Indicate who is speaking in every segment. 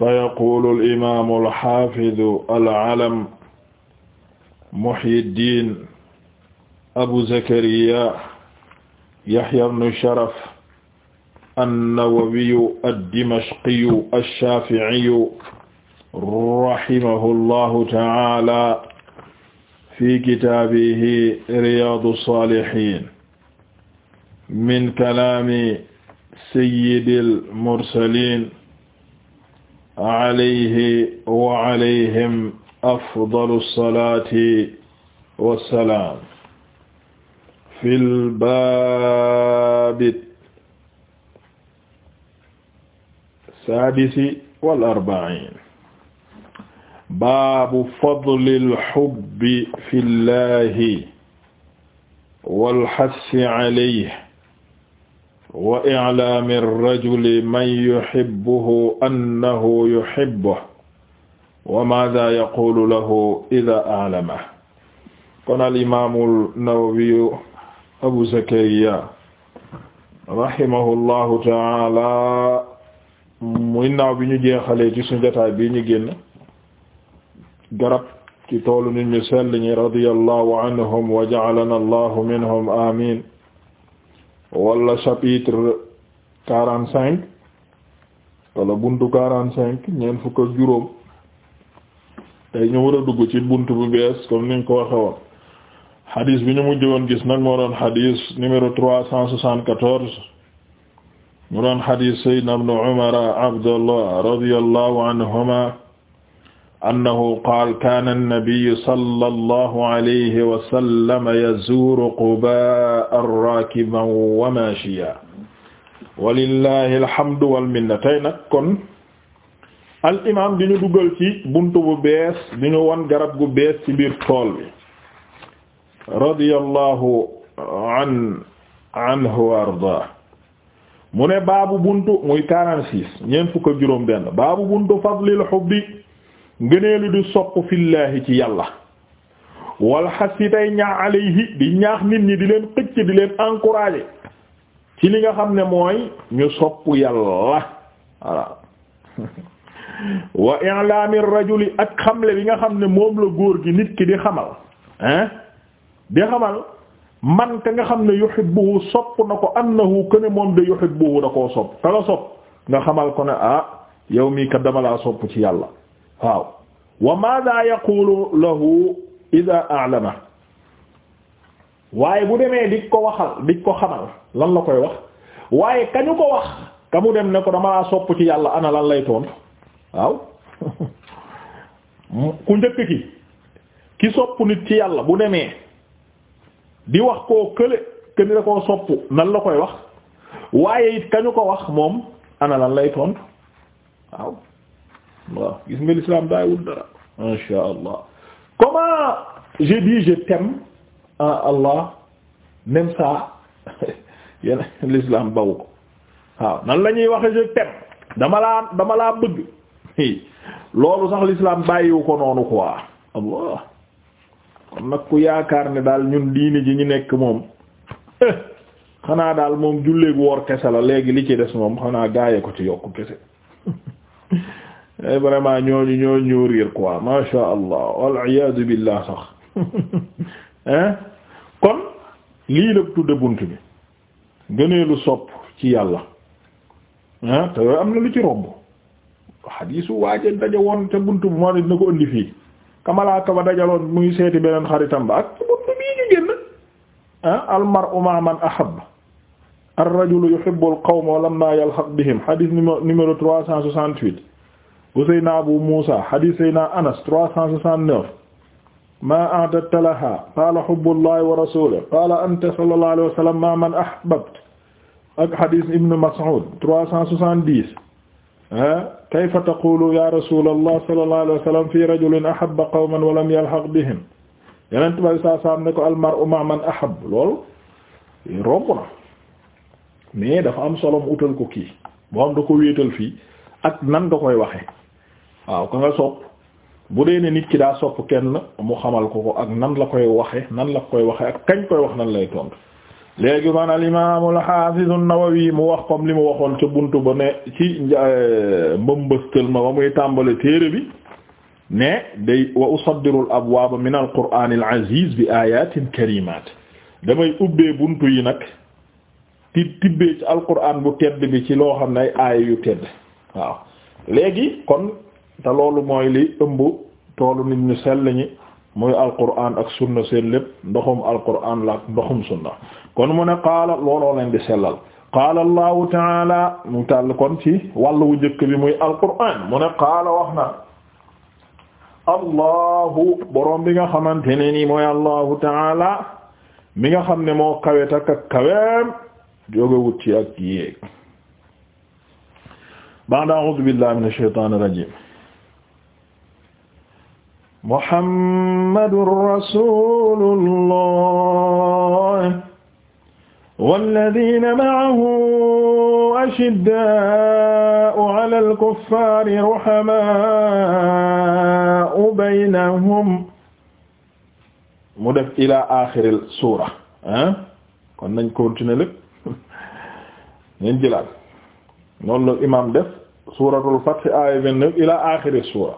Speaker 1: fa yaqulu alimamu alxafidu alalam muhyiddin abu zakariya yahya bnu sharaf annawawiyu addimashqiyu alshafiiyu rahimahu llahu taala fi kitaabihi riyadu salihin
Speaker 2: min kalami sayyidil mursalin alayhi wa alayhim
Speaker 1: afdalu salaati wa salaam fil baabi saadisi wal arba'iin baabu fadlil hubbi fillaahi wal hassi alayhi wa i'laami ar-rajuli man yuhibbuhu annahu yuhibbuhu wa maadha yaqulu lahu idha a'lamahu kon al-imaamu an-Nawawi Abu Zakariya rahimahullahu ta'ala muy naaw bi ñu jeexalee ci suñu jotaay bi ñu génn garab ci toolu nit ñu sell ñi radiyallahu anhum wa ja'alana Allahu minhum amiin wala chapitre quarante cinq wala buntu quarante cinq ñeent fukk ak juróom tey ñu war a dugg ci bunt bu bees comme ni nga ko waxe bi ñu mujj woon gis nag moo doon xadis numéro trois cent soixante-quatorze mu doon xadis sayyidna ibn Umar abdallah radiyallahu anhuma annahu qaal kaana annabiyu sallallahu alayhi wa sallam yazuuru qubaa raakiban wa maashiyan walillahi alhamdu wal minna tey nag kon al imaam di ñu dugal ci bunt bu bees di ñu wan garab gu bees ci biir tool bi radiyallahu an anhu wa ardaa mu ne baabu buntu muy 46 ñeent fukk ak juróom benn baabu buntu fadlil hubbi ngëneelu di sopp fillaahi ci yàlla walxas yi tey ñaax alayhi di ñaax nit ñi di leen xëcc di leen encourager ci li nga xam ne mooy ñu sopp yàlla voilà wa i'laami rajuli ak xamle bi nga xam ne moom la góor gi nit ki di xamal hein di xamal man ka nga xam ne yuhibbuhu sopp na ko annahu kana moom de yuhibbuhu da koo sopp ka sopp nga xamal ko ne ah yow mii kat dama laa sopp ci yàlla waaw wa maada yaqulu lahu ida a'lama waaye bu demee di ko waxal di ko xamal lan la koy wax waaye kañu ko wax ka mu dem ne ko dama laa sopp ci yàlla ana lan lay tontu waaw ku njëkk ki ki sopp nit ci yàlla bu demee di wax koo kële këni da koo sopp nan la koy wax waaye ka kañu ko wax moom ana lan lay tontu waaw waaw gis nga l'islam daay wut dara insha allah comment je dis je t'aime Allah même ça yéen l'islam bawu ko waaw nan la ñuy waxe je t'aime dama laa dama laa bëgg loolu sax l'islam bàyyiwu ko noonu ko waa kon nag ku yaakaar ne daal ñun diini ji ñu nekk moom xanaa daal moom julleeg woor kese la léegi li ci des moom xanaa gaaye ko ci yokku kese Eh, vraiment ñooñu ñooñu ñoo riir quoi ma sha allah wal iyaadu billah sax hein eh? kon lii la tudde bunt bi lu sopp ci yàlla ah te am na lu ci romb xadiisu waaje daje woon te bunt bu moo ne dina ko indi fii kamalaaka ba dajaloon muy seeti beneen xaritam ba ak
Speaker 2: bunt bii ñu génn
Speaker 1: almar'u ma'a man ahabba ar-rajulu yuhibbu al-qawma wa lamma yalhaq bihim xadiis numéro trois cent soixante-huit bu Seydina Abu Muusa hadith Seydina Anas 369 maa a'dadta lahaa qaala hubbullaahi wa rasuulihi qaala anta sallallaahu alayhi wa sallam maa man ahbabta ak hadith Ibn Mas'ud 370 kayfa taqulu ya rasuulallaah sallallaahu alayhi wa sallam fii rajulin ahabba qawman wa lam yalhaq bihim yeneen tubaab yi saa saa ne ko almar'u ma'a man ahabba loolu romb na mais dafa am solo mu utal ko kii boo xam da ko wéetal fii. ak nan nga koy waxe waaw ka nga sopp bu dee ne nit ki daa sopp kenn mu xamal ko ko ak nan la koy waxe nan la koy waxe ak kañ koy wax nan lay tontu léegi kon al imaamul xaafisu Nawawi mu wax comme li mu waxoon ca buntu ba ne ci euh, mbambastal ma ba muy tàmbale téere bi ne day wa usaddiru al abwaaba min al qur'aan al aziz bi ayatin karimat damay ubbee buntu yi nag ti tibbee ci alquraan bu tedd bi ci loo xam ne ay aaya yu tedd waaw léegi kon te loolu mooy li ëmb toolu nit ñu sell ñi muy alquran ak sunna seen lépp ndoxum alquran la ndoxum sunna kon mu ne qaala looloo leen di sellal qaala allahu taala mu tàll kon ci wàllu wu njëkk bi muy alquran mu ne qaala wax allahu boroom bi nga xamante ne nii mooy allahu taala mi nga xam ne moo kawe takk ak kaweem jógewut ci ak yéeg ba'da a'uuzu billahi mina shaytaani rajiim
Speaker 2: Muhammadur rasuulullah wallaziina ma'ahu ashiddaa'u 'alal kuffaari ruhamaa'u baynahum
Speaker 1: mu def ilaa aaxiril suura ah kon nañ continuer lépp nañ jëlaat noonu la imaam def suuratul fath aaya vingt-neuf ilaa aaxiri suura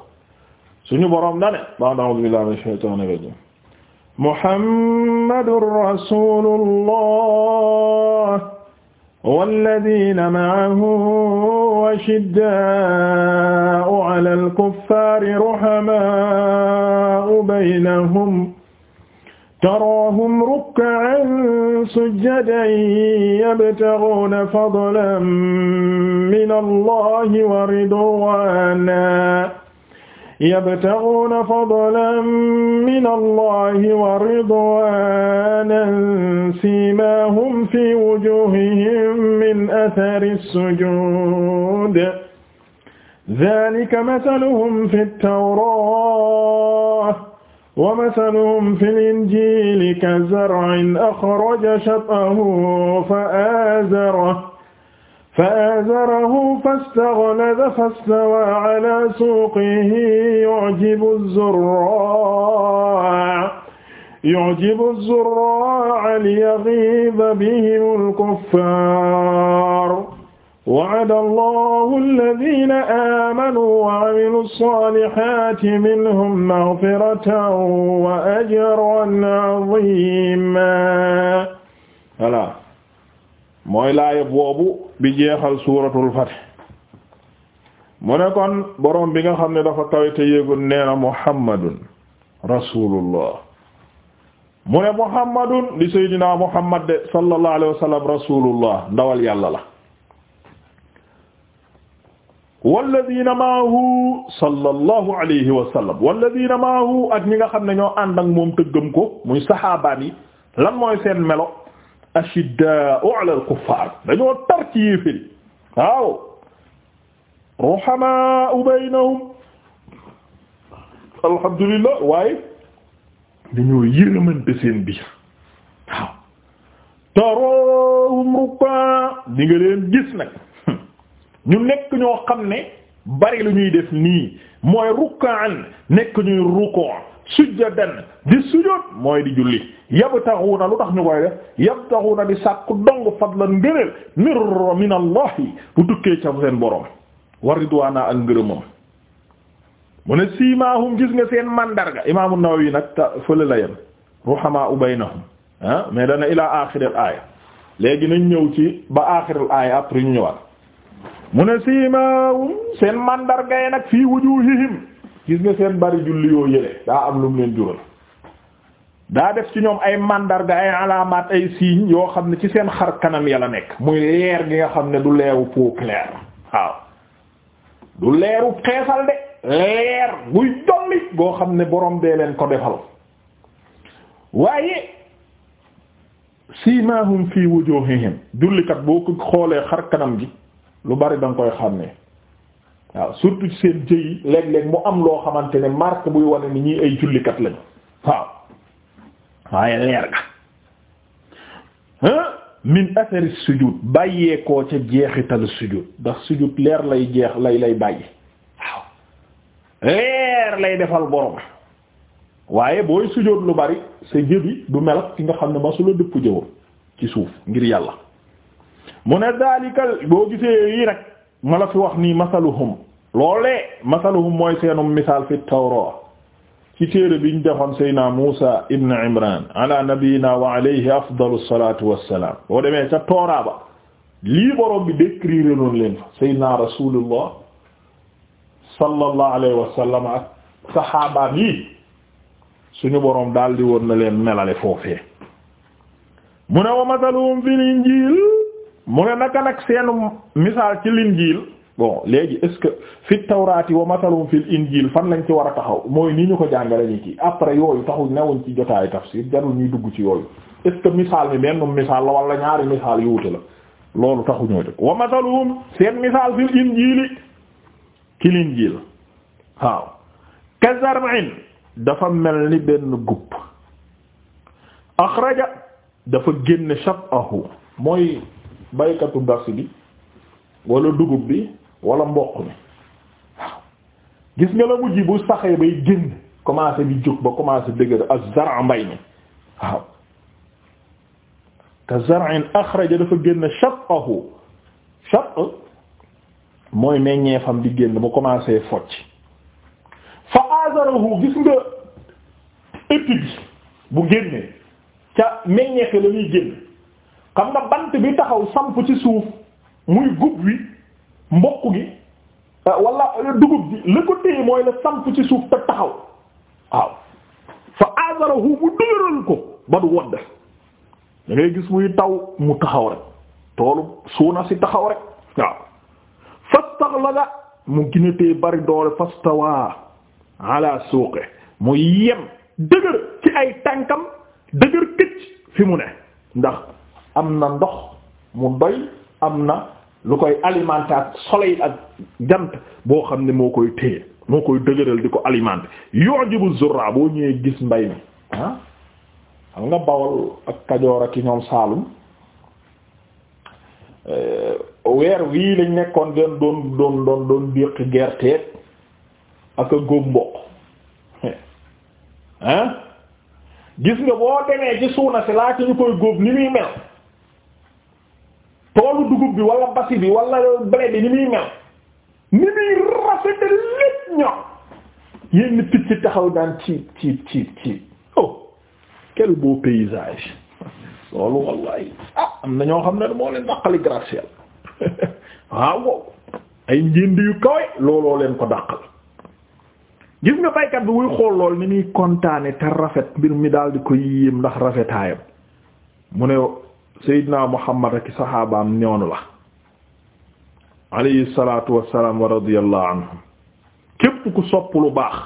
Speaker 1: suñu boroom dane
Speaker 2: ba'd a'uuzu billaahi mina shaytaani rajiim muhammadur rasuulullah walladiina ma'ahu ashiddaa'u alal kuffaari ruhamaa'u baynahum taraahum rukkaan sujjadan yabtaguuna fadlan min allahi wa ridwaana yabtaguuna fadlan min allahi wa ridwaanan siimaahum fii wujuuhihim min athari sujuud zaalika mathaluhum fit tawraat ومثلهم في الإنجيل كزرع أخرج شطأه فآزره فآزره فاستغلظ فاستوى على سوقه يعجب الزراع يعجب الزراع ليغيظ بهم الكفار wa'ada allahu alladina amanu wa amilu salihati minhum maghfiratan wa ajran azima voilà
Speaker 1: mooy laaya boobu bi jeexal suuratul Fath mu ne kon boroom bi nga xam ne dafa kawe te yéegul nee na Muhammadun rasulullah mu ne Muhammadun di Seydina Muhammad de sallallahu alayhi wa sallam rasulullah ndawal yàlla la walladina maahu sallallahu alayhi wa sallam walladina maahu ñi nga xam ne ñoo ànd ak moom tëggam ko muy saxaabaan yi lan mooy seen melo ashiddaa'u ala al-kuffaar dañoo tar ci yéeféri waaw ruhamaa'u baynahum waaye dañoo yërëmante seen biir waaw tarawhum rukkaa di nga leen gis nag ñu nekk ñoo xam ne bari lu ñuy def nii mooy rukkaan nekk ñuy rukkoo sujjadan di sujjóot mooy di julli yabtaghuna lu tax ñu koy def yabtaghuna di sàkku dong fadlan ngëneel mir min allah bu tukkee ca seen borom wa ak ngërëmam mu ne siimaahum gis nga seen mandarga imaamu Nawawi nag fële la yem ruhamaa baynahum ah mais dana ila aaxiril aaya léegi nañ ñëw ci ba aaxiril aaya après ñu ñëwaat mu ne siimaawum seen mandarga yi nag fii wujuuhihim gis nga seen bari julli yoo yële daa am lum leen jural daa def ci ñoom ay màndarga ay alaamaat ay signes yoo xam ne ci seen xar kanam ya la nekk muy leer gi nga xam ne du leeru peau claire waaw du leeru xeesal de leer buy jolli boo xam ne boroom dee leen ko defal waaye siimaahum fii wujuuhihim jullikat boo ko xoolee xar kanam gi lu bari da nga xam ne waaw surtout ci seen jëyi léeg-léeg mu am loo xamante ne mark buy wane ni ñi ay jullikat lañu waaw waaye leer ga min athari sujud bàyyeekoo ca jeexital sujud ndax sujud leer lay jeex lay lay bàyyi waaw leer lay defal borom waaye booy sujud lu bari sa jëbi du mel ki nga xam ne ma su la dëpp jëwam ci suuf ngir yàlla mu ne daalikal boo gisee yi nag ma la fi wax nii masaluhum loolee masaluhum mooy seenum misaal fi tawra ci téere bi ñu defoon sayna Muusa ibn Imran ala nabiyina wa alayhi afdalu salatu wassalam boo demee ca tooraa lii borom bi décrire noonu leen fa sayna rasulullah sallallahu alayhi wa ak saxaabaam yi suñu borom daal di woon na leen melale foofe mu ne wa masaluhum fil injil mu ne naka nag seenu misaal ci linjiil bon léegi est-ce que fi tawraati wa matalum fil injiil fan lañ ci war a taxaw mooy ni ñu ko jàngale ñu ci après yooyu taxul newuñ ci jotaayu tafsir jarul ñuy dugg ci yooyu est-ce que misaal mi benn misaal la wala ñaari misaal yu wute la loolu taxu ñoo dëkk wa matalum seen misaal fil injiili ci linjiil waaw kazar'in dafa mel ni benn gupp axraja dafa génn shat'ahu mooy baykatu bas bi walla dugub bi wala mboq mi waaw gis nga la mujj bu saxee bay génn commencé bi jóg ba commencé dëgër ak zara mbay mi waaw ka zar'in axraja dafa génn shaqahu shaq mooy meññeefam di génn bu commencé focc fa azarahu gis nga épi bi bu génnee ca meññeefe la ñuy génn xam nga bant bi taxaw samp ci suuf muy gub wi mboq gi euh, wala euh, dugub ji la ko téye mooy la samp ci suuf te taxaw waaw fa azarahu mu dëgëral ko ba du wodd da gis muy taw mu taxaw rek toolu suuna si taxaw rek waaw fastaxlaga mu gina tee bari doole fastawa ala suuqe mu yem dëgër ci ay tànkam dëgër këcc fi mu ne ndax am na ndox mu doy am na lu koy alimenter ak soleil ak jant boo xam ne moo koy téye moo koy dëgëral di ko alimenter yu'jibu zurra boo ñëwee gis mbay mi ah xam nga bawol ak kajoor ak ñoom saalum eh, weer wii lañ nekkoon den doon doon doon doon gerte ak a góob mboq ah gis nga boo demee ci suuna si laa ci ñu koy góob ni muy mel toolu dugub bi wala basi bi wala blé bi ni muy mel ni muy rafete lépp ñor yenn picc taxaw daan ciib ciib ciib ciib oh quel beau paysage loolu wallahi ah am na ñoo xam ne moo leen dàqali gratte waaw ah, wow ay njënd yu kawe looloo leen ko dàqal gis nga baykat bi wuy xool lool ni muy kontaane te rafet mbir mi daal di ko yéem ndax rafetaayam mu ne Seydina Muhammad ak saxaabaam ñoonu la alayhi salaatu wassalaam wa radiyallahu anhum képp ku sopp lu baax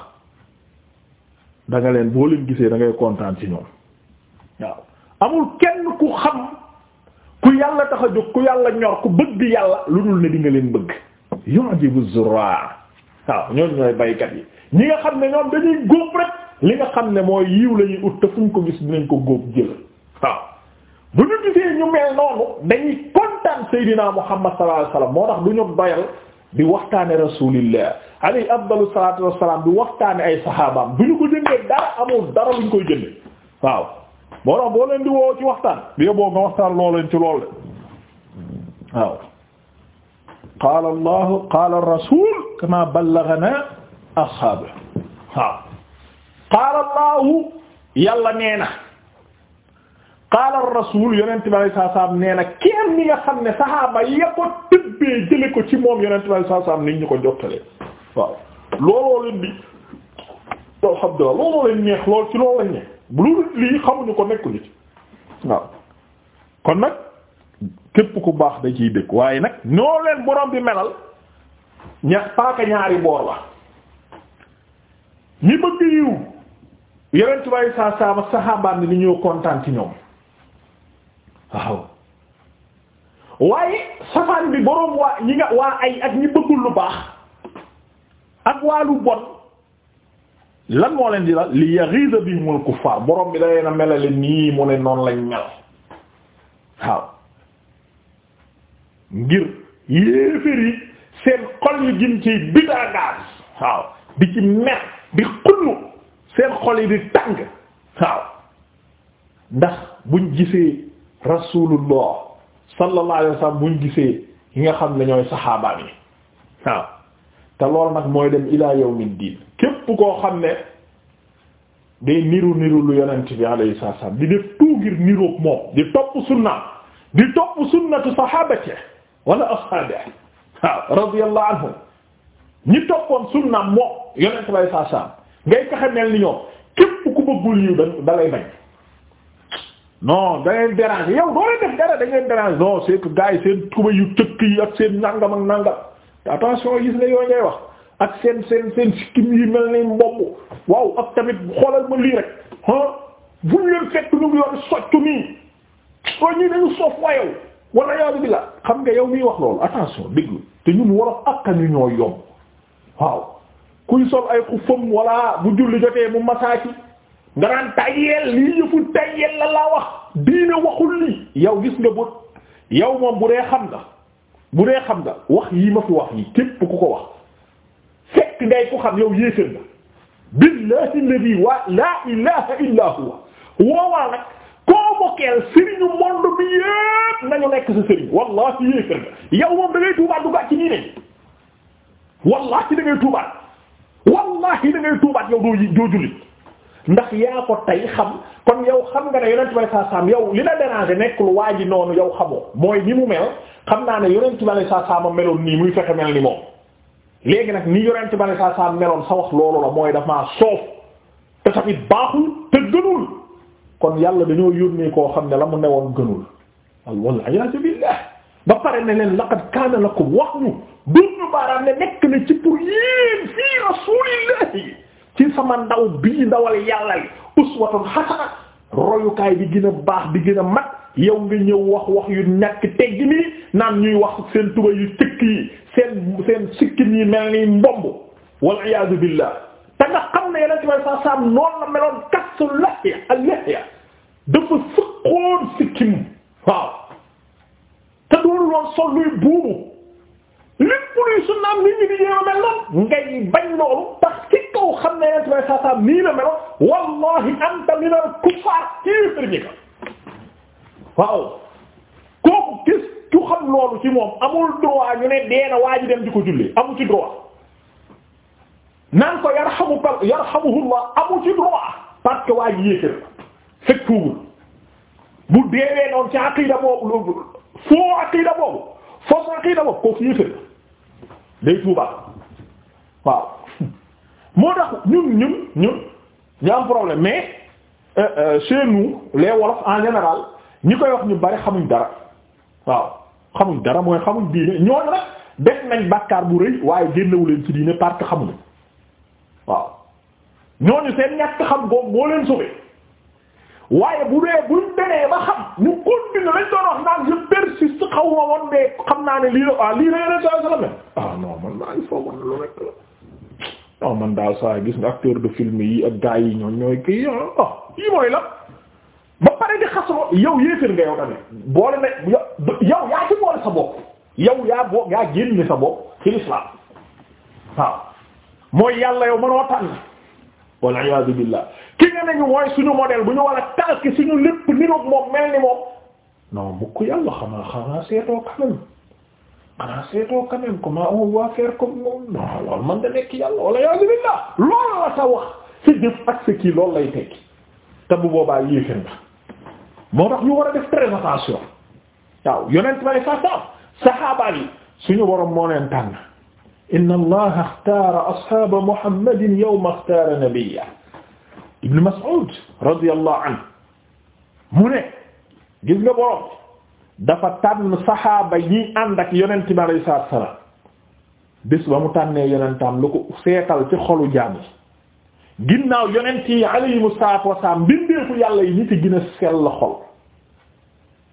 Speaker 1: da leen boo leen gisee da ngay kontaan ci ñoom waaw amul kenn ku xam ku yàlla tax a jóg ku yàlla ñor ku bëgg yàlla lu dul ne di nga leen bëgg yu'jibu zurraa waaw ñooñu ñooy baykat yi ñi nga xam ne ñoom dañuy góob rek li nga xam ne mooy yiw la ut te fu ñu ko gis dinañ ko góob jël bu ñu gisee ñu noonu dañuy kontaan Seydina Muhammad sallallahu alayhi wasallam moo tax du ñu doyal di waxtaane rasulillah alayhi afdalu salatu wassalam di waxtaane ay sahabaam du ñu ko jëndee dara amul dara luñ koy jënde waaw woo ci waxtaan bi boo nga waxtaan loo leen ci lool de waaw qaala allahu qaala rasul yonent bi sallallahu alayhi nee na kenn ñi nga xam ne saxaaba ya ko tëbbee jële ko ci moom yonent bi sallallahu alayhi wasallam niñ ñu ko jottalee waaw looloo leen bi alhamdulillah looloo leen neex lool ci loolu lañ ne lu lii xamuñu ko nekkuñu ci waaw kon nag képp ku baax day ciy dëkk waaye nag ñoo leen borom bi melal ña paaka ñaari boor la ñi bëgg yiw yonent bi sallallahu alayhi saxaabaan ni ñoo kontaan ci ñoom waaw waaye safaan bi boroom waa ñi nga waa ay ak ñi bëggul lu baax ak waa lu bon lan moo leen di la li yaghiza bihimul kuffar boroom bi da leen a nii mu ne noonu lañ mel waaw ngir yéeféer yi seen xol yi gin ci bidaagaas waaw di ci mer di xullu seen xol yi di tàng waaw ndax buñ gisee rasulullah sallallahu alayhi wa gisee yi nga xam ne ñooy saxaabaam yi waaw te lool nag mooy dem ila yawmid diin képp koo xam ne day niru niru lu yonent bi alayhi salaam di def tout ngir niroog moom di topp sunna di topp sunnatu saxaabati wala ashaabihi waaw radiyallahu anhum ñi toppoon sunna moom yonent bi alayhi salaam ngay taxa mel ni ñoom képp ku bëggul yiw da dalay bañ non da déranger yow doo leen def dara da ngeen déranger non c'est que seen tuba yu tëkk yi ak seen nangam ak nangam attention gis na yooyu ngay wax ak seen seen seen sikkim yi mel ni mbobb waaw ak tamit xoolal ma lii rek ah bu ñu leen fekk ñu ngi yor soccu nii soo ñuy dañu soof wa yow wala yàlla bi la xam nga yow miy wax loolu attention déglu te ñun wolof akka ñu ñoo yomb waaw kuy sol ay xufam wala bu julli jotee mu masaaki. nga naan tayeel lii yëfu tayeel la laa wax diine waxul lii yow gis nga bu yow moom bu dee xam nga bu dee xam nga wax yii ma fi wax yi képp ku ko wax fekk ngay ko xam yow yéesal nga billahi alladhi wa laa ilaha illa huwa woowal nag koo bokkeel sëriñu monde bi yépp nañu nekk sa sëriñ wallahi yéesal nga yow moom da tuubaat duggaat ci diine wallahi da tuubaat wallahi da tuubaat yow doo jullit ndax yaa ko tey xam kon yow xam nga ne yonent bi saa saam yow li la déranger nekk lu waa ji noonu yow xamoo mooy ni mu mel xam naa ne yonent bi saa saam meloon nii muy fexe mel ni moom. léegi nag ni yonent bi saa saam meloon sa wax loolu la mooy dafa soof te tamit baaxul te gënul kon yàlla dañoo yónnee koo xam ne la mu newoon gënul wal-iyaazu billaah ba pare ne leen laqad kaana lakum wax ñu dund baaraam ne nekk na ci pour yéen fii rasuulillaahi ci sama ndaw bii ndawal yàlla li uswatun hasana royukaay bi gën a baax bi gën a mat yow nga ñëw wax wax yu ñàkk tegg nii naan ñuy wax seen tuba yu cëkk yi seen seen sikkin mel ni mbomb wal iyaadu billah te nga xam ne yeneen ci way sa saam noonu la meloon kassu lahya al lahya dafa sëqoon sikkim waaw te doolu loon sol luy buubu lépp luy sunnaam nit ñi di jéem a mel ngay bañ loolu tax ci xam ne yenn saa saa nii la wallahi anta minal kuffaar waaw kooku gis ku xam loolu ci moom amul droit ñu ne dee na waa dem di ko amu ci droit naan ko yarhamuka yarhamuhullah amu ci droit parce que waa ji yéefér fekk tuubul bu deewee noonu ci aqida boobu foo aqida boobu. fausse aqiida boobu la yéeféer day tuubaat waaw moo tax ñun ñun ñun ñu am problème mais euh, euh, chez nous les wolof en général ñi koy wax ñu bari xamuñ dara waaw xamuñ dara mooy xamuñ diine ñooñu nag def nañ bàkkaar bu rëy waaye génnewu leen ci diine parce que xamuñu waaw ñooñu seen ñàkk xam googu moo leen sauvé. waaye bu dee buñ benee ba xam ñu continuer lañ doon wax naan je persiste xaw ma woon de xam naa ne lii la ah lii la yeneen ah non maa ngi foogoon lu rek la non daal saa gis nga acteur de film yi ak gars yi ñoom ñooy kii ah, ah la ba pare di xasoo yow yéefir nga yow tamit boole na yow yaa ci boole sa bopp yow yaa bo yaa génne sa bopp ci l'islam waaw mooy yàlla yow mënoo walla iyaazu billaah ki nga nañu mooy suñu model bu ñu war a taal ki suñu lépp niroog moom mel ni moom non mukk yàlla xanaa xanaa seetoo quand même xanaa seetoo quand même comment on va faire comme moom non man da nekk yàlla walla iyaazu billaah loolu la sa wax sa jëf ak sa kii lay tekki te bu boobaa yéefér nga moo tax ñu war a def très attention waaw yonent ma sa saab saxaaba yi suñu borom moo leen tànn inna allaha axtaara ashaaba muhammadin yawma axtaara nabiyyahu ibn Mas'ud radiyallahu anhu mu ne gis nga borom dafa tànn saxaaba yi ànd ak yonent bi alayhi salaatu wa salaam bis ba mu tànnee yonentam lu ko seetal ci xolu jaam yi ginnaaw yonent yi alayhimu salaatu wa salaam bindeefu yàlla yi ñi ci gën a sell xol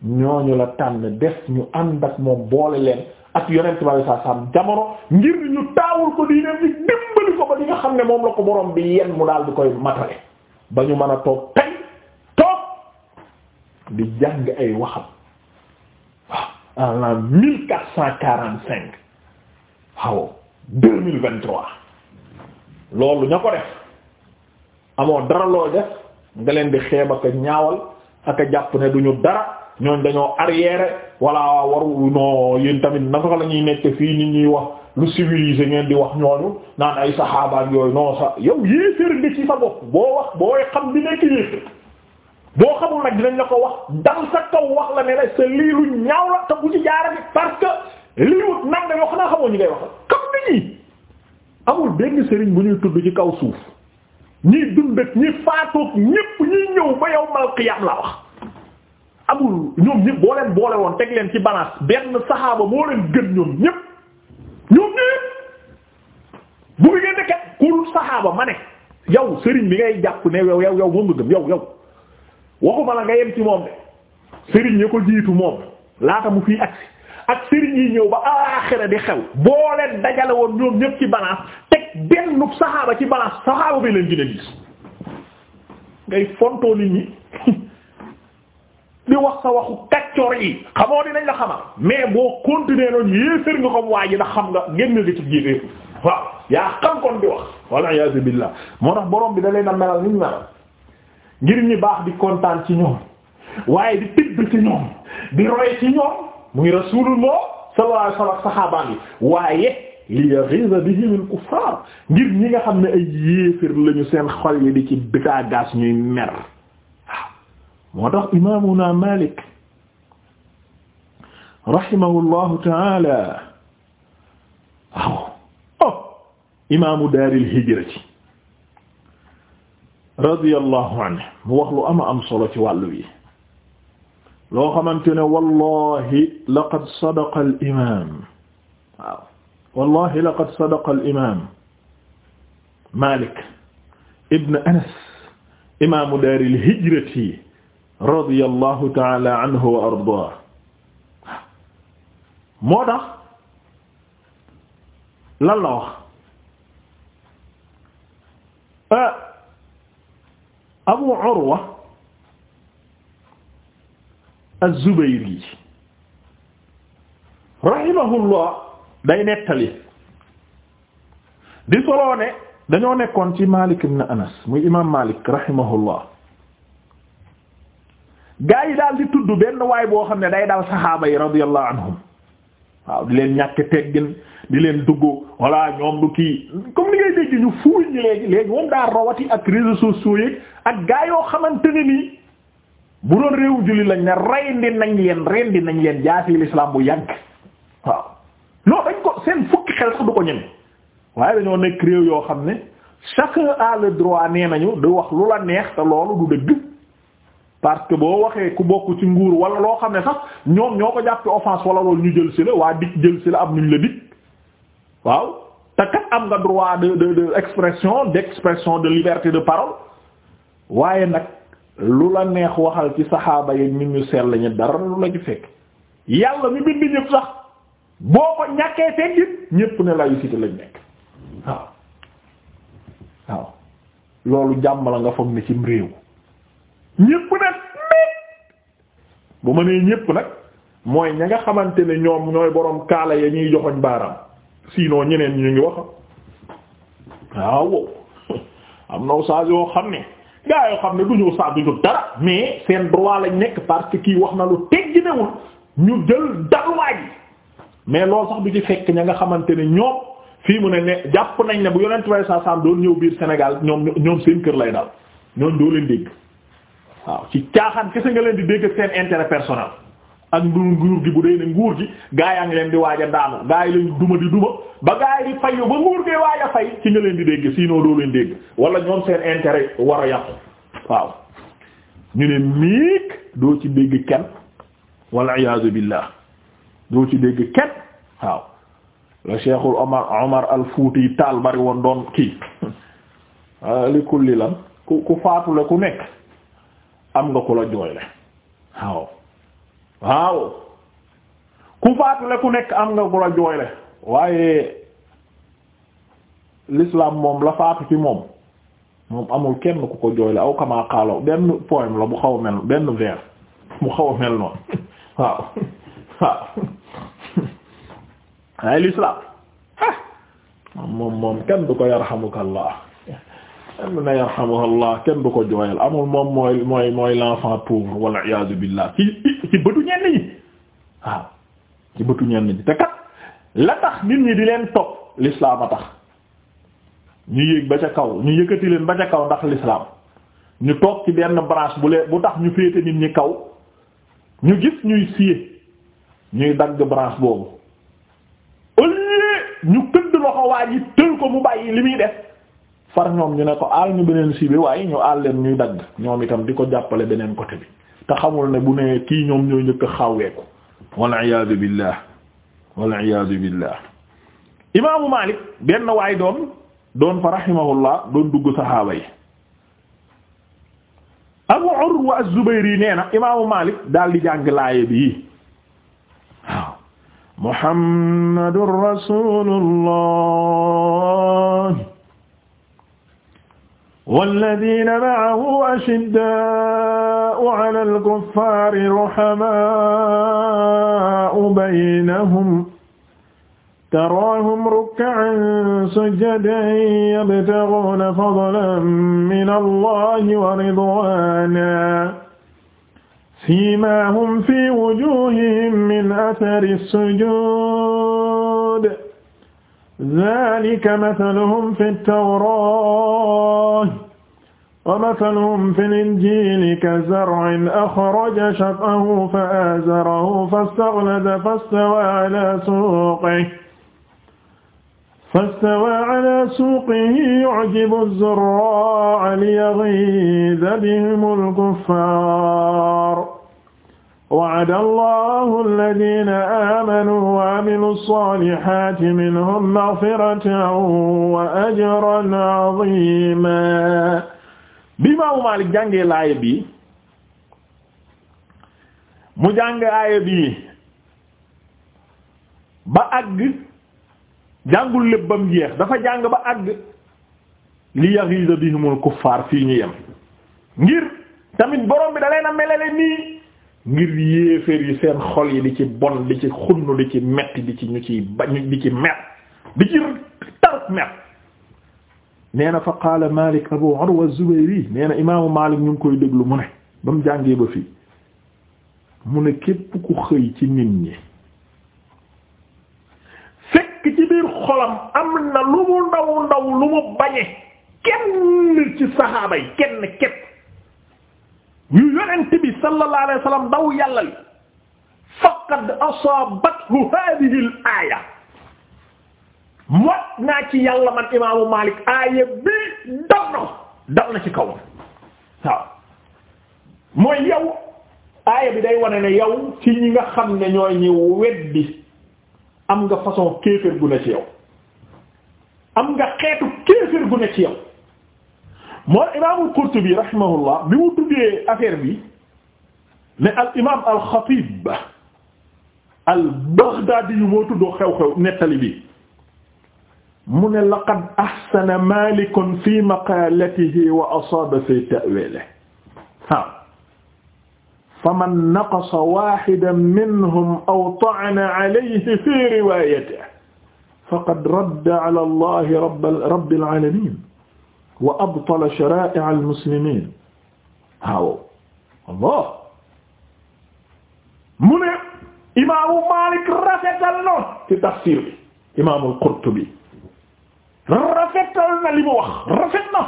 Speaker 1: ñooñu la tànn def ñu ànd ak moom boole leen ak yonent bi sallallahu alayhi wasallam jamono ngir ñu taawul ko diineem bi dimbali ko ba li nga xam ne moom la ko borom bi yen mu daal du koy matale ba ñu mën a toog tey toog di jàng ay waxam waaw en l'an mille quatre cent quarante cinq waaw deux mille vingt trois loolu ña ko def amoo dara loo def nga leen di xeeb ak ñaawal ak a jàpp ne duñu dara ñooñ dañoo arrière walla waru noo yéen tamit naka la ñuy nekk fii nit ñuy wax lu civilisé ngeen di wax ñooñu naan ay saxaabaat yooyu non sa yow yéeféer nga ci sa bopp boo wax booy xam di nekk yéeféer boo xamul nag dinañ la ko wax dal sa kaw wax la ne la sa lii lu ñaaw la te bu ci jaarale parce lii wut nag da yoo xam naa ngay wax comme ni ñi amul benn sëriñ bu ñuy tudd ci kaw suuf ñiy dund ak ñi faatu ñépp ñuy ñëw ba yow mal qiyam la wax. amul ñoom ñëpp boo leen boole woon teg leen ci balance benn saxaaba moo leen gën ñoom ñëpp ñoom ñëpp bu ngeen nekkee ku saxaaba ma ne yow sëriñ bi ngay jàpp ne yow yow yow moom nga gëm yow yow waxuma la nga yem ci moom de sëriñ ya ko jiitu moom laata mu fii agsi ak sëriñ yi ñëw ba aaxira di xew boo leen dajale woon ñoom ñëpp ci balance teg benn saxaaba ci balance saxaaba bi leen gën ngay fontoo nit ñi di wax sa waxu kaccoor yi xamoo dinañ la xamal mais boo continuer noonu yéeféer nga xam waa ji ndax xam nga génn nga ci yéeféer waaw yaa xam kon di wax walla iyaazu billaah moo tax boroom bi da leen a melal niñ melal ngir ñi baax di kontaan ci ñoom waaye di tibb ci ñoom di roy ci ñoom muy rasuulullah sallallahu alayhi wasallam saxaabaan yi waaye li yaghiza bihim al kuffar ngir ñi nga xam ne ay yéeféer lañu seen xol yi di ci bëgga gas ñuy mer moo tax imaamuna Malik rahimahullahu taala waaw oh imaamu daaril hijrati radiyallahu anhu mu wax lu ama am solo ci wàllu yi loo xamante ne wallahi laqad sadaqa al imaam waaw wallahi laqad sadaqa al imaam Malik ibn Anas imaamu daaril hijrati radiyallahu taala anhu wa ardaa moo tax lan la wax euh, Abu Urwa az-Zubayri rahimahullah day nettali di soloo ne dañoo nekkoon ci Malik ibn Anas muy imaam Malik rahimahullah gaa yi daal di tudd benn waay boo xam ne day daal saxaaba yi radiyallahu anhum waaw di leen ñàkk teggin di leen dugg walla ñoom du kii comme ni ngay dégg ñu fuuy ñi léegi léegi moom daa rawati ak réseaux sociaux yeeg ak gaa yoo xamante ne nii bu doon réew julli lañ ne reyndi nañ leen reyndi nañ leen jaasi l'islam bu yàgg waaw non dañ ko seen fukki xel sax du ko ñeme waaye dañoo nekk réew yoo xam ne chacun a le droit nee nañu di wax lu la neex te loolu du parce que boo waxee ku bokk ci nguur wala loo xam ne sax ñoom ñoo ko jàppe offense wala loolu ñu jël si la waa dik jël si la am nuñ la dik waaw te am nga droit de de de expression de liberté de parole waaye nag lu la neex waxal ci saxaaba yi nit ñu sell ñi dara lu la ci fekk yàlla mi bind ñëpp sax boo ko ñàkkee fekk it ñëpp ne laïcité lañ nekk waaw waaw loolu jàmm la nga foog ne cim réew. ñépp nag bu ma nee ñépp nag mooy ña nga xamante ne ñoom ñooy boroom kaala ya ñuy joxoñ baaraam sinon ñeneen ñu ngi wax waaw am na saa yoo xam ne gaa yoo xam ne du ñu saa du ñu dara mais seen parce que kii wax na ñu jël daluwaay mais loolu sax du ci fekk ña nga xamante ne ñoom fii mu ne ne jàpp nañ ne bu yonent way saa saam doon ñëw biir Sénégal ñoom ñoom seen kër lay daal ñoom doo leen dégg. waaw ci caaxaan kese nga leen di dégg ak seen intérêt personnel ak ndu nguur gi bu dee ne nguur gi gaa yaa ngi leen di waaja a daanu gaa yi leen duma di duma ba gaa yi di fayu ba nguur gee waaj a fay ci nga leen di dégg sinon doo leen dégg wala ñoom seen intérêt war a yàqu waaw ñu ne miig doo ci dégg ken wal iyaazu ci dégg kenn waaw la omar omar al fuuti taal bari woon doon kii li kulli lan ku ku faatule ku nekk am nga ku la jooyle waaw waaw ku faatule ku nekk am nga ku la jooyle waaye lislaam moom la faatu ci moom moom amul kenn ku ko jooyle aw kamaa xaalaw benn poème la bu xaw a mel benn vers bu xaw a mel noonu waaw waaw waaye l'islam ah moom moom kenn du ko yarhamukallah kenn na yarhamuhallah kenn du ko jooyal amul moom mooy mooy mooy l'enfant pauvre wal iyaazu billah ci ci bëtu ñenn ñi waaw ci bëtu ñenn ñi te kat la tax nit ñi di leen topp l'islam a tax ñu yéeg ba ca kaw ñu yëkkati leen ba ca kaw ndax l'islam ñu toog ci benn branche bu lee bu tax ñu féete nit ñi kaw ñu gis ñuy siye ñuy dagg branche boobu au ñu këdd loxo waa tël ko mu bàyyi li muy de far ñoom ñu ne ko aal ñu beneen si bi waaye ñu aal leen ñuy dagg ñoom itam di ko jàppale beneen côté bi te xamul ne bu ne kii ñoom ñooy njëkk xawweeku wal iyaadu billah wal iyaadu billah imaamu Maalik benn waay doon doon fa rahimahullah doon dugg saxaaba yi Abu Urwa az-Zubayri nee na imaamu Maalik daal di jàng laaye bi
Speaker 2: waaw Muhammadur walladiina ma'ahu ashiddaa'u 'alal kuffaari ruhamaa'u baynahum taraahum ruk'an sujjadan yabtaghuuna fadlan mina Allaahi wa ridwaanan siimaahum fii wujuuhihim min athari sujuud zaalika mathaluhum fit-tawraat ومثلهم في الإنجيل كزرع أخرج شطأه فآزره فاستغلظ فاستوى على سوقه فاستوى على سوقه يعجب الزراع ليغيظ بهم الكفار وعد الله الذين آمنوا وعملوا الصالحات منهم مغفرة وأجرا عظيما bi imaamu
Speaker 1: Maalik jàngee laaya bii mu jàng aaya bii ba àgg jàngul lépp bam jeex dafa jàng ba àgg li yaxiisa bihimul kuffaar fii ñu yem ngir tamit borom bi da leen a melale nii ngir yéeféer yi seen xol yi di ci bon di ci xunn di ci metti di ci ñu ci bañ di ci mer di ci tar mer nee na fa qaala Malik Abu Urwa Zubayri nee na imaamu Malik ñu ngi koy déglu mu ne ba mu jàngee ba fii mu ne képp ku xëy ci nit ñi fekk ci biir xolam am na lu mu ndaw ndaw lu mu bañe kenn ci saxaaba yi kenn képp yu yonent bi sallallahu alayhi wa sallam daw yàlla li faqad asaabathu haadihi al aaya mot naa ci yàlla man imaamu Malik aaye bii dal na dal na ci kaw waaw mooy yow aaya bi day wane ne yow ci ñi nga xam ne ñooy ñi weddi am nga façon kéefër gu ci yow am nga xeetu kéefër gu ne ci yow moo imaamul Qurtubi rahimahullah bi mu duggee affaire bi ne al imaam al Xatiib al Baghdadi yu moo tuddoo xew-xew nettali bi mu ne laqad ahsana malikun fi maqalatihi wa asaaba fi ta'wilihi waaw faman naqasa wahidan minhum aw ta'ana alayhi fi riwayatihi faqad radda ala allah rabbil alamin wa abtala shara'i'a al muslimin waaw Allah mu ne imaamu Maalik rafetal noonu ci tafsir bi imaamul Qurtubi rafetal na li mu wax rafet na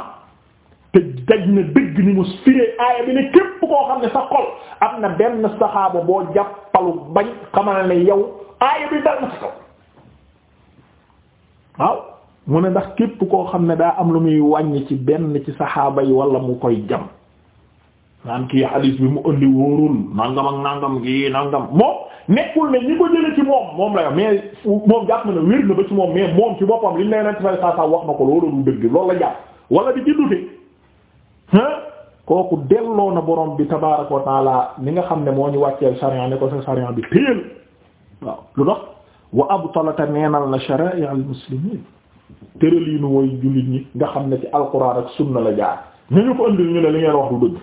Speaker 1: te daj na dëgg ni mu firee aaya bi ne képp koo xam ne sa xol am na benn saxaaba boo jàppalu bañ xamal ne yow aaya bi dal na sa kaw waaw mu ne ndax képp koo xam ne daa am lu muy wàññi ci benn ci saxaaba yi wala mu koy jam naan kii hadis bi mu ëndi wóorul nangam ak nangam kii nangam moom nekkul ne ñi ko jële ci moom moom la yo mais moom jàpp na ne wér na ba ci moom mais moom ci boppam liñ lay ren na ko loolu du dëgg loolu la wala di ci dute ah na borom bi tabaaraka wa taala nga xam ne moo ñu wàcceel sharia ne ko sa sharia bi téyel waaw lu dox wa abtalata neenal na shara'i al muslimin tëraliinu wooy jullit ñi nga xam ne ci alquran ak sunna la jaar ñu ñu ko ëndil ñu ne li ngeen wax du dëgg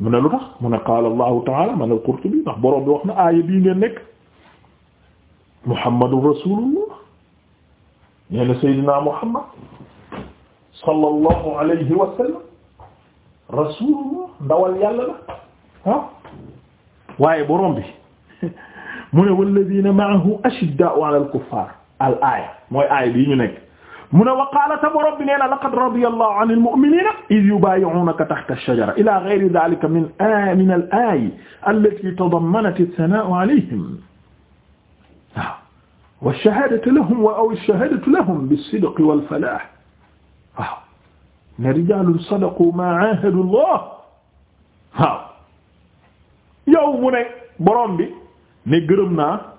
Speaker 1: mu ne lu tax mu ne qaala allahu taala man al-Qurtubi ndax borom bi wax na aaya bii ngeen nekk Muhammadu rasulullah nee na Seydina Muhammad sallallahu alayhi wa sallam rasulullah ndawal yàlla la ah waaye borom bi mu ne walladina ma'ahu ashiddaa'u ala al-kuffaar al aaya mooy aaya bii ñu nekk. mu ne wa qaala ta borom bi nee na laqad radiyallahu anil mu'minina iz yubayi'unaka tahta ash-shajara ila ghayri dhalika min min al-aaya allati tadammanat ath-thanaa'u alayhim waaw wash-shahaadatu lahum wa aw ash-shahaadatu lahum bis-sidqi wal-falaah waaw ne rijaalun sadaqu maa 'aahadu Allah waaw yow mu ne borom bi ne gërëm naa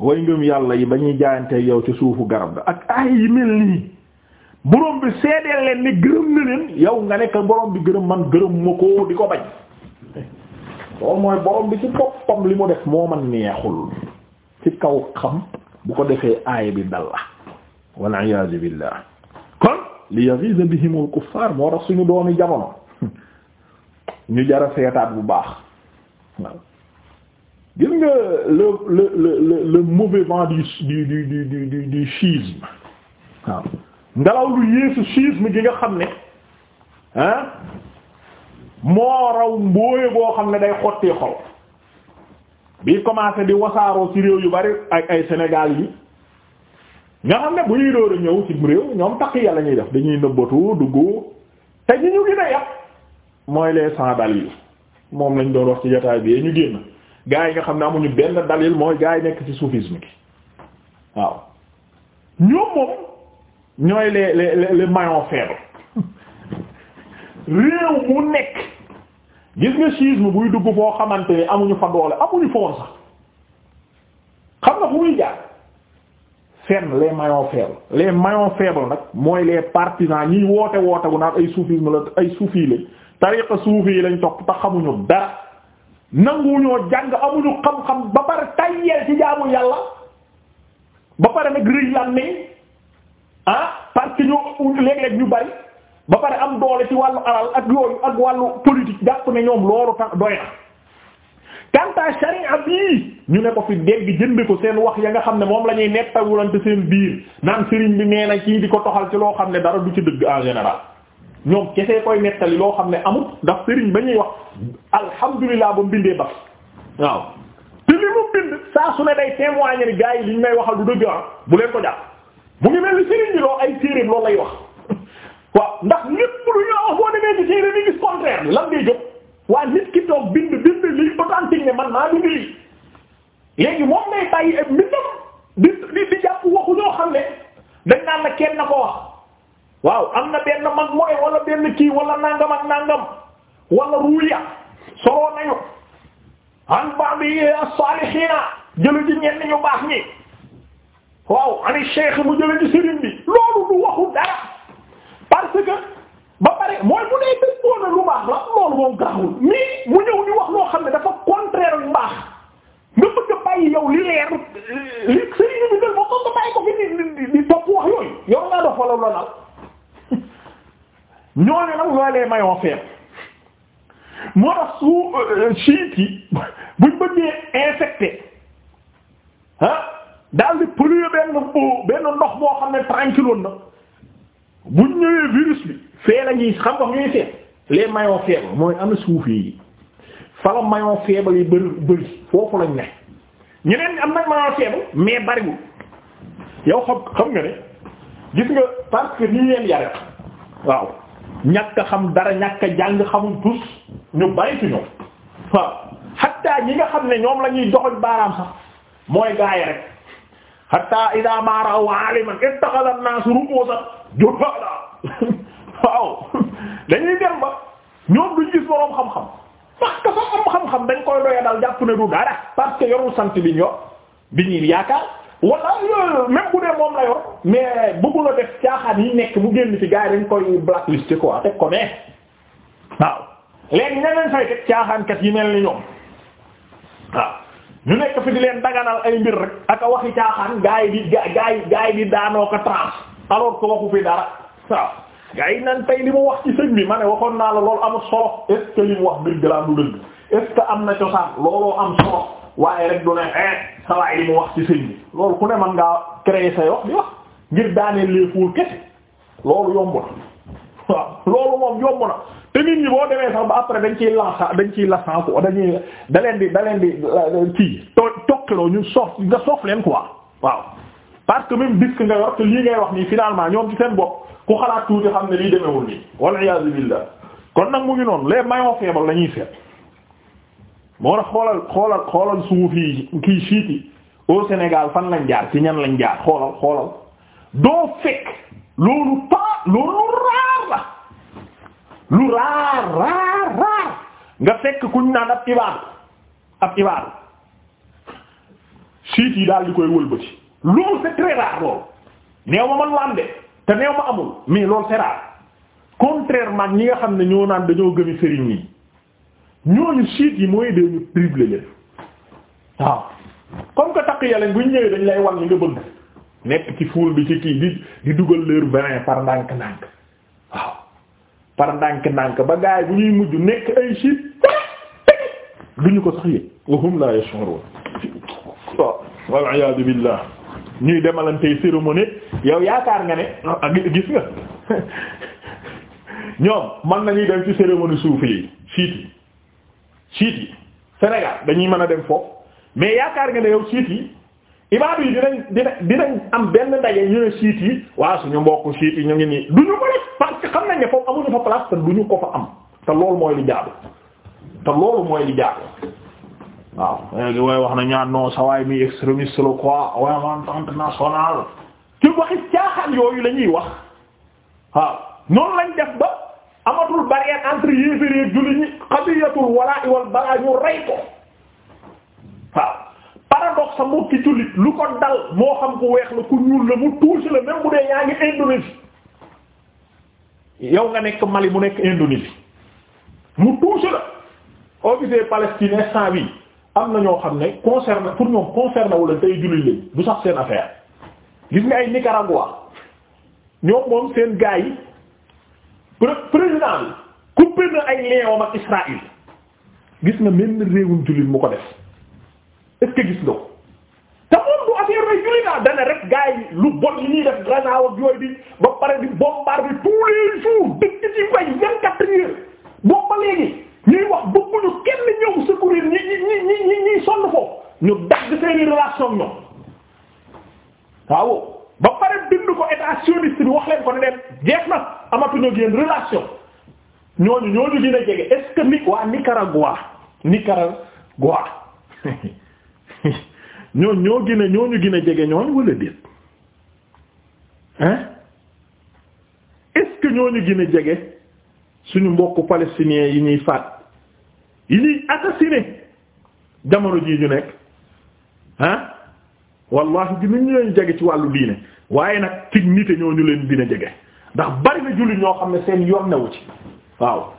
Speaker 1: way ngëm yàlla yi ba ñuy jaayantee yow ci suufu garab ga ak ay yi mel nii borom bi seedeel leen ne gërëm na leen yow nga nekk borom bi gërëm man gërëm ma ko di ko bañ loolu mooy borom bi ci boppam li mu def moo man neexul ci kaw xam bu ko defee aay bi dal la wal iyaazu billah kon li yaghida bihimul kuffar moo tax suñu doomi jamono ñu jara seetaat bu baax gis nga le le le le mauvais vent du du du du du du schisme waaw ngelaw lu yéesu schisme gi nga xam ne ah moo raw mbooye boo xam ne day xotti xol bi commencé di wasaaroo ci réew yu bari ak ay Sénégal yi nga xam ne bu ñuy door a ñëw ci réew ñoom takk yàlla ñuy def dañuy nëbbatu duggu te ñi ñu gën a yàq mooy les sans-abri moom lañ doon wax ci jotaay bi ñu génn. gaa yi nga xam ne amuñu benn dalil mooy gaa yi nekk ci soufisme gi waaw ñoom moom ñooy les les les maillons faibles réew mu nekk gis nga schisme buy dugg foo xamante ni amuñu fa doole amuñu fa xam nga fu muy jaar fenn les maillons faibles les maillons faibles nag mooy les partisans ñiy woote woote wu naan ay soufisme la ay soufi lañ tariqa soufi lañ topp te xamuñu dara. nanguwuñoo jàng amuñu xam-xam ba pare tayyeel ci jaamu yàlla ba pare nag rëy lan ni ah parce que ñu léeg ñu bari ba pare am doole ci wàllu alal ak yooyu ak wàllu politique jàpp na ñoom loolu tax doy na kanta sharia bii ñu ne ko fi dégg jënd ko seen wax ya nga xam ne moom la ñuy nettawulante seen biir naan sëriñ bi nee na kii di ko toxal ci loo xam ne dara du ci dëgg en général ñoom kesee koy nettali loo xam ne amul ndax sëriñ ba ñuy wax alhamdulilah ba mbindee ba waaw te li mu bind saa su ne day témoigner ni gars yi li ñu may waxal du dëgg ah bu leen ko jàpp mu ngi mel ni sëriñ bi loo ay téereem loolu lay wax waaw ndax lépp lu ñu wax boo demee ci nit ki toog bind bind lii authentique ne man maa bind lii léegi moom lay bàyyi ak mbindam di di jàpp waxu xam ne dañ naan la kenn na ko wax waaw am na benn mag mooy wala benn kii wala nangam ak nangam wala ruya soloo nañu an ba'di as-salihina jëlu ci ñenn ñu baax ñi waaw ani cheikh mu jële ci sëriñ bi loolu du waxu dara parce que ba pare mooy bu dee dëg boona lu baax la loolu moom garawul mais mu ñëw di wax loo xam ne dafa contraire baax nga bëgg a bàyyi li leer li sëriñ bi dal moo ko nga bàyyi ko fi di di topp wax yooyu yow ngaa dox wala la ñooñu nag ñoo lee mayoo feet moo tax su euh, chiites yi buñ bëggee infecté ah daal di polluer benn benn ndox boo xam ne tranquille woon na buñ ñëwee virus bi fee la ñuy xam nga ñuy seet les maillons faibles mooy am na suufee yi fala maillon faible yi bëri foofu lañ ne ñeneen am nañ maillon faible mais bëriwul yow xam xam nga ne gis nga parce que nii leen yare waaw ñàkk a xam dara ñàkk jàng xamul tus ñu bari ci xatta ñi nga xam ne ñoom lañuy ñuy joxoñ baaraam sax mooy gaay rek xatta ida maara waaliman ittaxada naasu ru'uusan juhaala waaw dañuy dem ba ñoom duñ gis boroom xam-xam parce que sax xam-xam dañ koy doya daal jàpp ne du dara parce que yorul sant bi ñor bi ñuy wala même bu dee moom la yor mais bëggu la def caaxaan yi nekk mu génn ci gars yi dañ koy blacklisté quoi teg ko ne waaw léegi ña leen fay teg caaxaankat yi mel ni ñoom waaw ñu nekk fi di leen daganal ay mbir rek ak waxi caaxaan gars yi di gars yi gars yi di daanoo ko trans alors que waxu fi dara waaw gars yi nan tey li mu wax ci sëñ bi ma ne waxoon naa la loolu amul solo est li mu wax mbir gëlaandu dëgg am na cosaan looloo am solo. waaye rek du ne eh sawaay li mu wax ci sëñ bi loolu ku ne man ngaa créer say wax di wax ngir daaneel les foules kese loolu yomb na waaw loolu moom yomb na te nit ñi boo demee sax ba après dañ ciy lansa dañ ciy lasan ko dañuy da leen di da leen di kii to tokkiloo ñu soof nga soof leen quoi waaw parce que même disque nga yor te lii ngay wax nii finalement ñoom ci seen bopp ku xalaat tuuti xam ne lii demewul nii wal iyaazu billah kon nag mu ngi noonu la ñuy seet moo tax xoolal xoolal xoolal suuf yi kii siiti au Sénégal fan lañ jaar ci ñan lañ jaar xoolal xoolal doo fekk loolu pas loolu raar raar raar nga fekk kuñ naan ab ibaadu ab ibaadu siit yi daal di koy wëlbati loolu c'est très rare loolu neew man la am de te neew ma amul mais loolu c'est contrairement ñi nga xam ne ñoo naan dañoo gëmi nii ñooñu siit yi mooy dee ñu triplé leen waaw comme que taqiya lañ bu ñu ñëwee dañ lay wan li nga bëgg nekk ci foule bi ci kii di di dugal leur venin par ndànk-ndànk waaw par ndànk-ndànk ba gaay bu ñuy mujj nekk ay siit du ñu ko sax yëg wa hum la yashurun wal iyaadu billah ñuy yow yaakaar nga ne ah, gis nga ñoom man nañuy dem ci cérémonie suufi yi siit yi siit yi Sénégal dañuy mën a dem foofu mais yaakaar nga ne yow siit yi ibaadu yi dinañ dina dinañ am benn ndaje ñu ne siit yi waa suñu mbokk siit yi ñu ngi nii du ñu ko def parce xam nañ ne foofu amuñu fa place te du ñu ko fa am te loolu mooy li jaadu te loolu mooy li jaadu waaw léegi wax na ñaan non sawaay mi extrémiste le quoi waaye entente nationale ci waxi caaxaan yooyu lañuy ñuy wax waaw noonu lañ def ba amatul barrière entre yéeféer ak jullit ñi qadiyatul walaa'i wal baraa'i ñu rey ko waaw paradoxe sa mbokki jullit lu ko dal moo xam ku weex la ku ñuul la mu tuusi la même bu dee yaa ngi Indonésie yow nga nekk Mali mu nekk Indonésie mu tuusi la oo gisee Palestine instant bi am na ñoo xam ne concerné pour ñoom concerné wu leen tey jullit lañ du sax seen affaire gis nga ay Nicaragua ñoom moom seen gaa yi président bi coupé na ay leewam ak Israël gis nga menn réewum jullit mu ko def est gis nga ko te moom du jullit daa ah. dana rek gars yi lu bon li ñuy def Grenade ak yooyu bi ba pare di bombarder tous les jours dëkk ci way vingt-quatre heures boobu ba ñuy wax bëgguñu kenn ñëw secourir ñi ñi ñi ñi ñi sonn foofu ñu dagg seeni relation ñoom waaw ba pare bind ko état sioniste bi wax leen ko ne leen jeex na amatuñu yéen relation ñooñu ñooñu dina jege est-ce que ni waa Nicaragua Nicaragua ñooñu ñoo gën a ñooñu gën a jege ñooñu wala déet hein est-ce que ñooñu jege suñu mbokku palestiniens yi ñuy faat yi ñuy jamono jii ñu nekk hein wallahi dinañu leen jege ci wàllu lii diine waaye nag
Speaker 2: ci nite ñoo ñu leen dina jege ndax bari na jullit ñoo xam ne seen yoon newu ci waaw